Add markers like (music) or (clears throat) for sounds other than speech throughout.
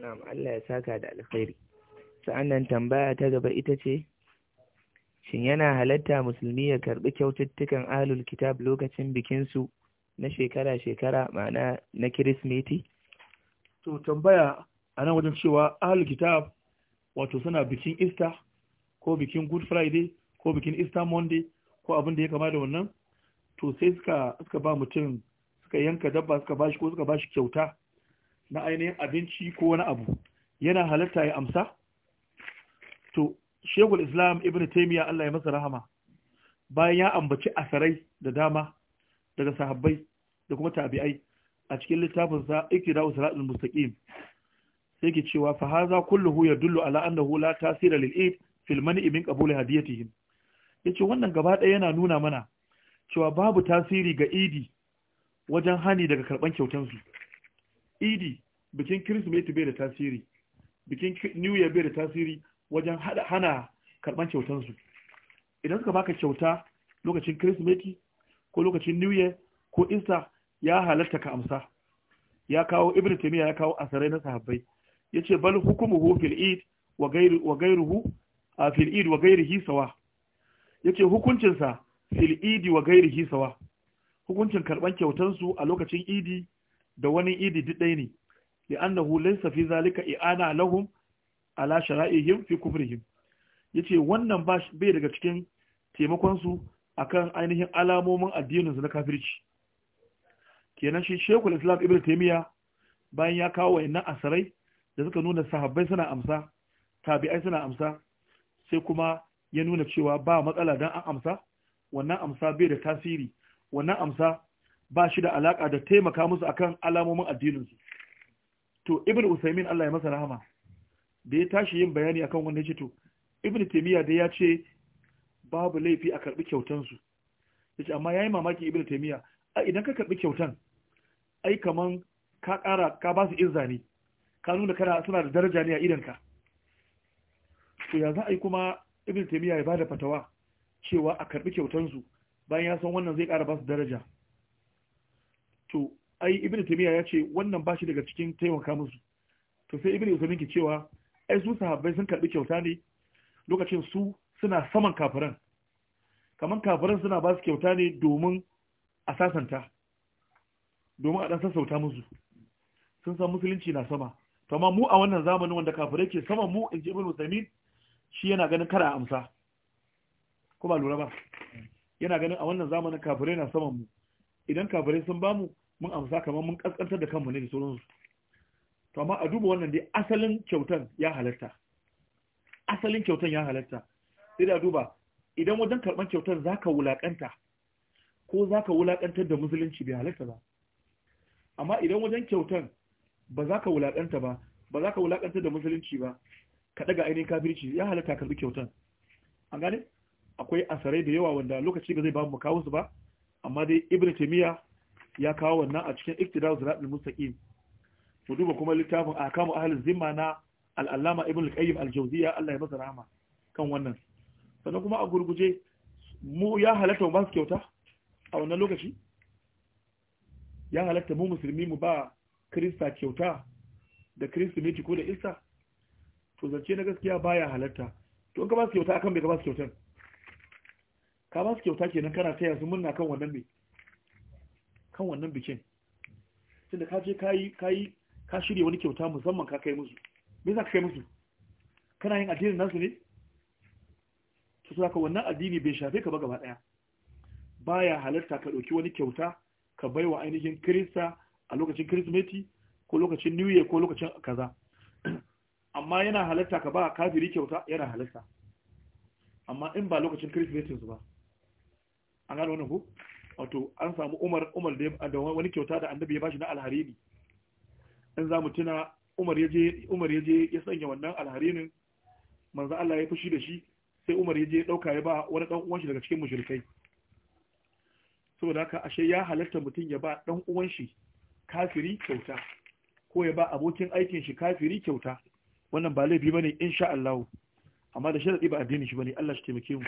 na'am Allah ya saka da alkhairi sa'annan tambaya ta gaba ita ce shin yana halatta musulmi ya karbi kyaututtukan ahlul kitab lokacin bikin su na shekara shekara ma'ana na kirismeti to tambaya a nan wajen cewa ahlul kitab wato suna bikin Easter ko bikin Good Friday ko bikin Easter Monday ko abin da ya kama da wannan to sai suka suka ba mutum suka yanka dabba suka bashi ko suka bashi kyauta na ainihin abinci ko wani abu yana halatta ya amsa to shegul islam ibn taimiyya Allah ya masa rahama bayan ya ambaci asarai da dama daga sahabbai da kuma tabi'ai a cikin littafinsa iktida'u siratul mustaqim sai ke cewa fa haza kulluhu yadullu ala annahu hula tasira lil id fil man'i min qabul hadiyatihim yace wannan gaba ɗaya yana nuna mana cewa babu tasiri ga idi wajen hani daga karban su. idi bikin kirsimeti bai da tasiri bikin new year bai da tasiri wajen hana karban kyautansu idan suka baka kyauta lokacin kirsimeti ko lokacin new year ko insa ya halatta ka amsa ya kawo ibn taymiya ya kawo asarai na sahabbai yace bal hukumuhu fil eid wa gairu wa a fil eid wa ghayrihi sawa yace hukuncin fil eid wa ghayrihi sawa hukuncin karban kyautansu a lokacin idi da wani idi duk ɗaya ne li'annahu laysa fi zalika i'ana lahum ala shara'ihim fi kufrihim yace wannan ba bai daga cikin taimakon su akan ainihin alamomin addinin su na kafirci kenan shi Sheikhul Islam Ibn Taymiyyah bayan ya kawo wayannan asarai da suka nuna sahabbai suna amsa tabi'ai suna amsa sai kuma ya nuna cewa ba matsala dan an amsa wannan amsa bai da tasiri wannan amsa ba shi da alaka da taimaka musu akan alamomin addininsu to ibn usaimin Allah ya masa rahama da ya tashi yin bayani akan wannan ce to ibn taymiya da ya ce babu laifi a karbi kyautan su yace amma yayi mamaki ibn taymiya a idan ka karbi kyautan ai kaman ka kara ka ba su izza ne ka nuna kana suna da daraja ne a idan ka to ya za a yi kuma ibn taymiya ya bada fatawa cewa a karbi kyautan su bayan ya san wannan zai kara ba su daraja to ai ibnu Tamiya ya ce wannan bashi daga cikin taimaka musu to sai ibnu usaimin ke cewa ai su sahabbai sun karbi kyauta ne lokacin su suna saman kafiran kamar kafiran suna ba su kyauta ne domin a sasanta domin a dan sassauta musu sun san musulunci na sama to amma mu a wannan zamanin wanda kafirai ke sama mu in ji ibnu usaimin shi yana ganin kara amsa ko ba lura ba yana ganin a wannan zamanin kafirai na saman mu idan kafirai sun bamu mun amsa kamar mun kaskantar da kanmu ne da sauransu to amma a duba wannan dai asalin kyautan ya halarta asalin kyautan ya halarta sai da duba idan wajen karban kyautan zaka wulakanta ko zaka wulakantar da musulunci bai halarta ba amma idan wajen kyautan ba za ka wulakanta ba ba za ka wulakantar da musulunci ba ka daga ainihin kafirci ya halarta karbi kyautan an gane akwai asarai da yawa wanda lokaci ba zai ba mu kawo su ba amma dai ibnu taymiya ya kawo wannan a cikin iktidar ziratul mustaqim mu duba kuma littafin a ahkamu ahalin zimma na al'allama ibn al-qayyim al-jawziya Allah ya masa rahama kan wannan sannan kuma a gurguje mu ya halatta mu ba su kyauta a wannan lokaci ya halatta mu musulmi mu ba krista kyauta da kristimeti ko da isa to zance na gaskiya baya halatta to in ka ba su kyauta akan bai ka ba su kyautan ka ba su kyauta kenan kana taya su murna kan wannan mai kan wannan bikin tunda ka je kayi kayi ka shirya wani kyauta musamman ka kai musu me za ka kai musu kana yin addinin nasu ne to saka wannan addini bai shafe ka ba gaba daya baya halarta ka dauki wani kyauta ka baiwa ainihin Kirista a lokacin Kirsimeti ko lokacin New Year ko lokacin kaza (clears throat) amma yana halarta ka ba kafiri kyauta yana halarta amma in ba lokacin su ba an gano wannan ko wato an samu umar umar da wani kyauta da annabi ya bashi na alharini in za mu tuna umar ya je ya sanya wannan alharinin manzo Allah ya fushi da shi sai umar ya je ya dauka ya ba wani dan uwan shi daga cikin mushrikai saboda haka ashe ya halatta mutum ya ba dan uwan shi kafiri kyauta ko ya ba abokin aikin shi kafiri kyauta wannan ba laifi bane insha Allah amma da sharadi ba addini shi bane Allah shi taimake mu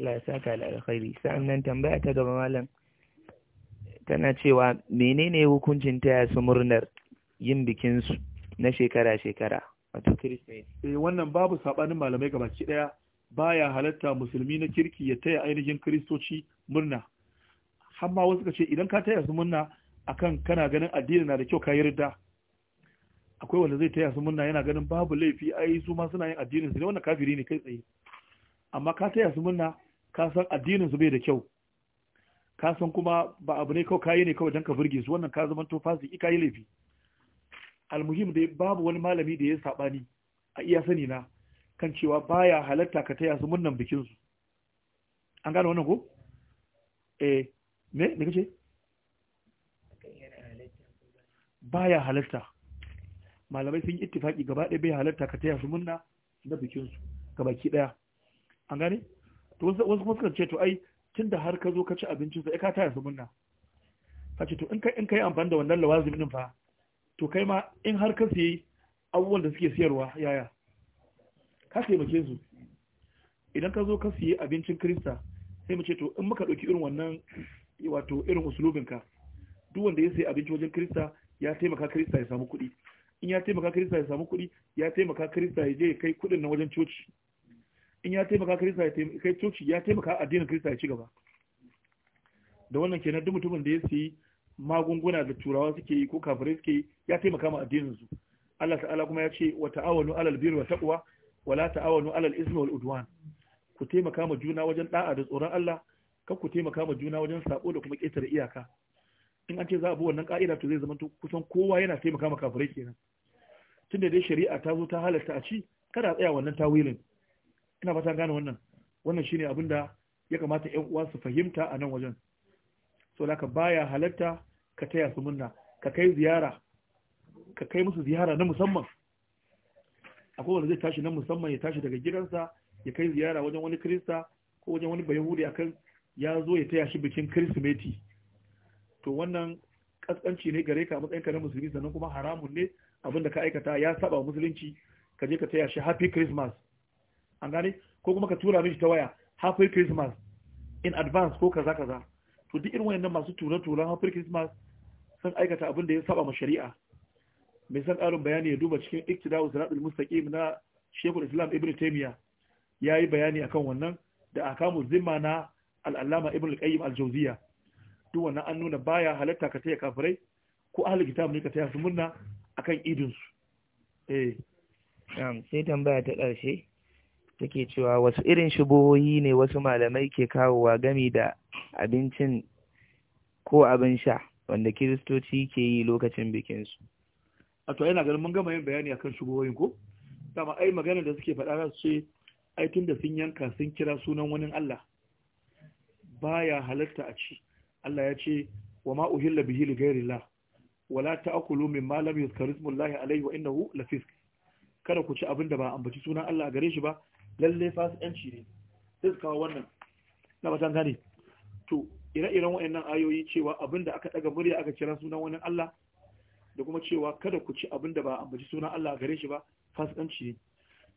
Allah ya saka da alkhairi nan tambaya ta gaba malam tana cewa menene hukuncin taya su murnar yin bikin su na shekara shekara wato Christmas eh wannan babu sabanin malamai gabaki daya baya halatta musulmi na kirki ya taya ainihin kristoci murna har ma wasu ce idan ka taya su murna akan kana ganin addini na da kyau ka yarda akwai wanda zai taya su murna yana ganin babu laifi ai su ma suna yin addinin su ne wannan kafiri ne kai tsaye amma ka taya su murna ka san addinin su bai da kyau ka san kuma ba abu ne kawai kayi ne kawai don ka burge su wannan ka zama to fasiki kayi laifi almuhim dai babu wani malami da ya saɓani a iya sani na kan cewa baya halatta ka taya su munnan bikin su an gane wannan ko eh me me kace baya halatta malamai sun yi ittifaki gaba ɗaya bai halatta ka taya su munna na bikin su baki ɗaya an gane to wasu kuma suka ce to ai tunda har ka zo ka ci abincin sa ka taya su munna ka ce to in kai in kai amfani da wannan lawazim din fa to kai ma in har ka sayi abubuwan da suke siyarwa yaya ka taimake su idan ka zo ka siye abincin krista sai mu ce to in muka ɗauki irin wannan wato irin ka duk wanda ya sayi abinci wajen krista ya taimaka krista ya samu kuɗi in ya taimaka krista ya samu kuɗi ya taimaka krista ya je kai kuɗin na wajen coci in ya taimaka kirista ya taimaka kai coci ya taimaka addinin kirista ya ci gaba da wannan kenan duk mutumin da ya sayi magunguna da turawa suke yi ko kafirai suke yi ya taimaka ma addinin su Allah ta'ala kuma ya ce wa ta'awanu alal birri wa taqwa wa la ta'awanu alal ismi wal udwan ku taimaka ma juna wajen da'a da tsoron Allah kar ku taimaka ma juna wajen sako da kuma ƙetare iyaka in an ce za a bi wannan ka'ida to zai zama kusan kowa yana taimaka ma kafirai kenan tunda dai shari'a ta zo ta halarta a ci kada a tsaya wannan tawilin ina fata gane wannan wannan shine abin da ya kamata ƴan uwa su fahimta a nan wajen so ka baya halatta ka taya su munna ka kai ziyara ka kai musu ziyara na musamman akwai wanda zai tashi na musamman ya tashi daga gidansa ya kai ziyara wajen wani kirista ko wajen wani bayahudi akan ya zo ya taya shi bikin kirsimeti to wannan kaskanci ne gare ka matsayin ka na musulmi sannan kuma haramun ne abinda ka aikata ya saba musulunci ka je ka taya shi happy christmas an gane ko kuma ka tura mishi ta waya happy christmas in advance ko kaza kaza to duk irin wayannan masu tura-turan happy christmas sun aikata abin da ya saba ma shari'a mai san karin bayani ya duba cikin iktida'u sanadul mustaqim na shekul islam ibnu taymiya yayi bayani akan wannan da akamu zimma na al-allama ibnu al-qayyim al-jawziya duk wannan an nuna baya halatta ka taya kafirai ko ahli kitab ne ka taya su murna akan idinsu eh sai tambaya ta ƙarshe take cewa wasu irin shubuhohi ne wasu malamai ke kawowa gami da abincin ko abin sha wanda kiristoci ke yi lokacin bikinsu. A to yana ganin mun gama yin bayani akan shubuhohin ko? Dama ai magana da suke faɗa su ce ai tun da sun yanka sun kira sunan wani Allah baya halatta a ci. Allah ya ce wa ma uhilla bihi li la?" wala ta'kulu mimma lam yuzkar ismullahi alayhi wa innahu lafisq kada ku ci abin da ba ambaci sunan Allah a gare shi ba lalle shi ne sai su kawo wannan na batan gane to ire-iren wa'annan ayoyi cewa abinda aka daga murya aka kira sunan wani Allah da kuma cewa kada ku ci abinda ba ambaci sunan Allah gare shi ba shi ne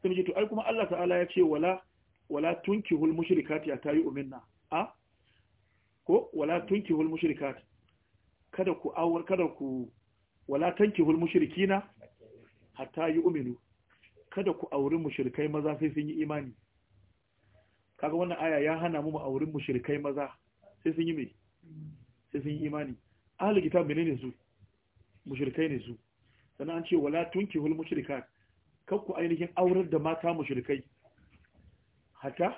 sai mu ce to ai kuma Allah ta'ala ya ce wala wala tunkihul mushrikati ya tayi uminna a ko wala tunkihul mushrikat kada ku awar kada ku wala tankihul mushrikina hatta yu'minu kada ku auri mushrikai maza sai sun yi imani kaga wannan aya ya hana mu auri mushrikai maza sai sun yi mai sai sun yi imani ahli kitab menene su mushrikai ne su sannan an ce wala tunkihul mushrikat kar ku ainihin aurar da mata mushrikai hata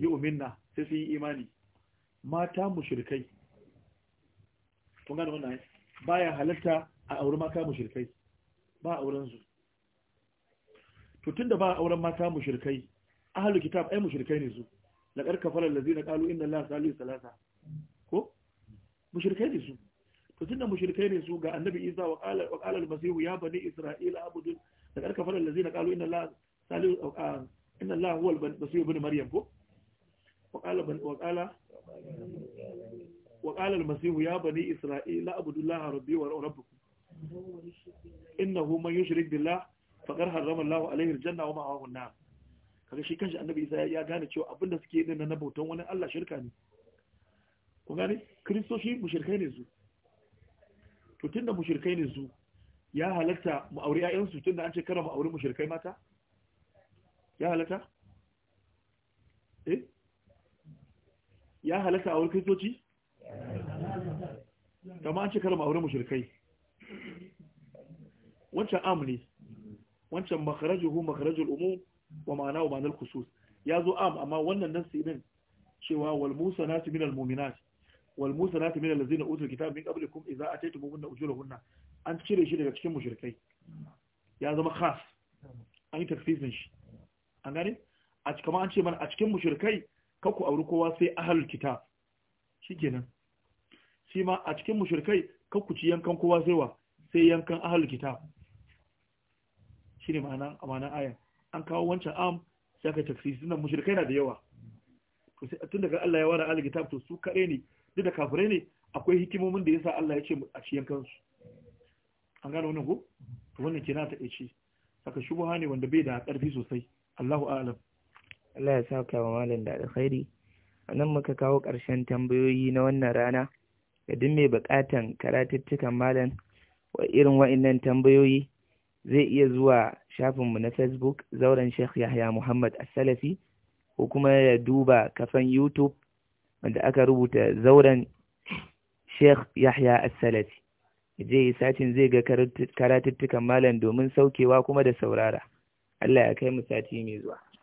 yu'minna sai sun yi imani mata mushrikai kun gane wannan baya halatta a auri mata mushrikai ba auren su to tunda ba auren mata mushrikai ahlul kitab ai mushrikai ne su laqad kafara allazina qalu inna allaha Salihu salasa ko mushrikai ne su to tunda mushrikai ne su ga annabi isa wa qala wa qala al ya bani isra'ila abudu laqad kafara allazina qalu inna allaha salisu uh, uh, inna allaha huwa al-masih ibn maryam ko wa qala wa qala wa qala al ya bani isra'ila abudu allaha rabbi wa rabbukum innahu man yushrik billah faqar harrama Allah alaihi aljanna wa ma'ahu an kaga shi kanshi annabi Isa ya gane cewa abinda suke yi na bautan wani Allah shirka ne ku gane kristoshi mushirkai ne su to tunda mushirkai ne su ya halatta mu aure ƴaƴan su tunda an ce kada mu aure mushirkai mata ya halatta eh ya halatta aure kristoci kama an ce kada mu aure mushirkai wancan am ne wancan hu, makharajul umu, wa ma'ana wa ma'anar kusus. Ya zo am amma wannan nan su din cewa Walmusa wal musanatu minal walmusa na su minal lazina utul kitab min qablikum idza ataytumuhunna hunna an cire shi daga cikin mushrikai ya zama khas an yi tafsirin shi an gane a kamar an ce mana a cikin mushrikai ka ku auri kowa sai ahlul kitab shikenan shi ma a cikin mushrikai ka ku ci yankan kowa sai wa sai yankan ahlul kitab shine ma'anan amanan ayan an kawo wancan am sai aka tafsiri sunan mushrikai na da yawa to sai tun daga Allah ya wada alkitab kitab to su kare ne duk da kafirai ne akwai hikimomin da yasa Allah ya ce a cikin kansu an gane wannan ko to wannan kina ta ce saka shubha ne wanda bai da karfi sosai Allahu a'lam Allah ya saka wa malam da alkhairi anan muka kawo ƙarshen tambayoyi na wannan rana ga duk mai buƙatan karatuttukan malam wa irin wa'annan tambayoyi zai iya zuwa shafinmu na facebook zauren sheikh yahya muhammad asalafi ko kuma ya duba kafan youtube wanda aka rubuta zauren sheikh yahya asalafi je yi satin zai ga karatuttukan malam domin saukewa kuma da saurara allah ya kai mu sati mai zuwa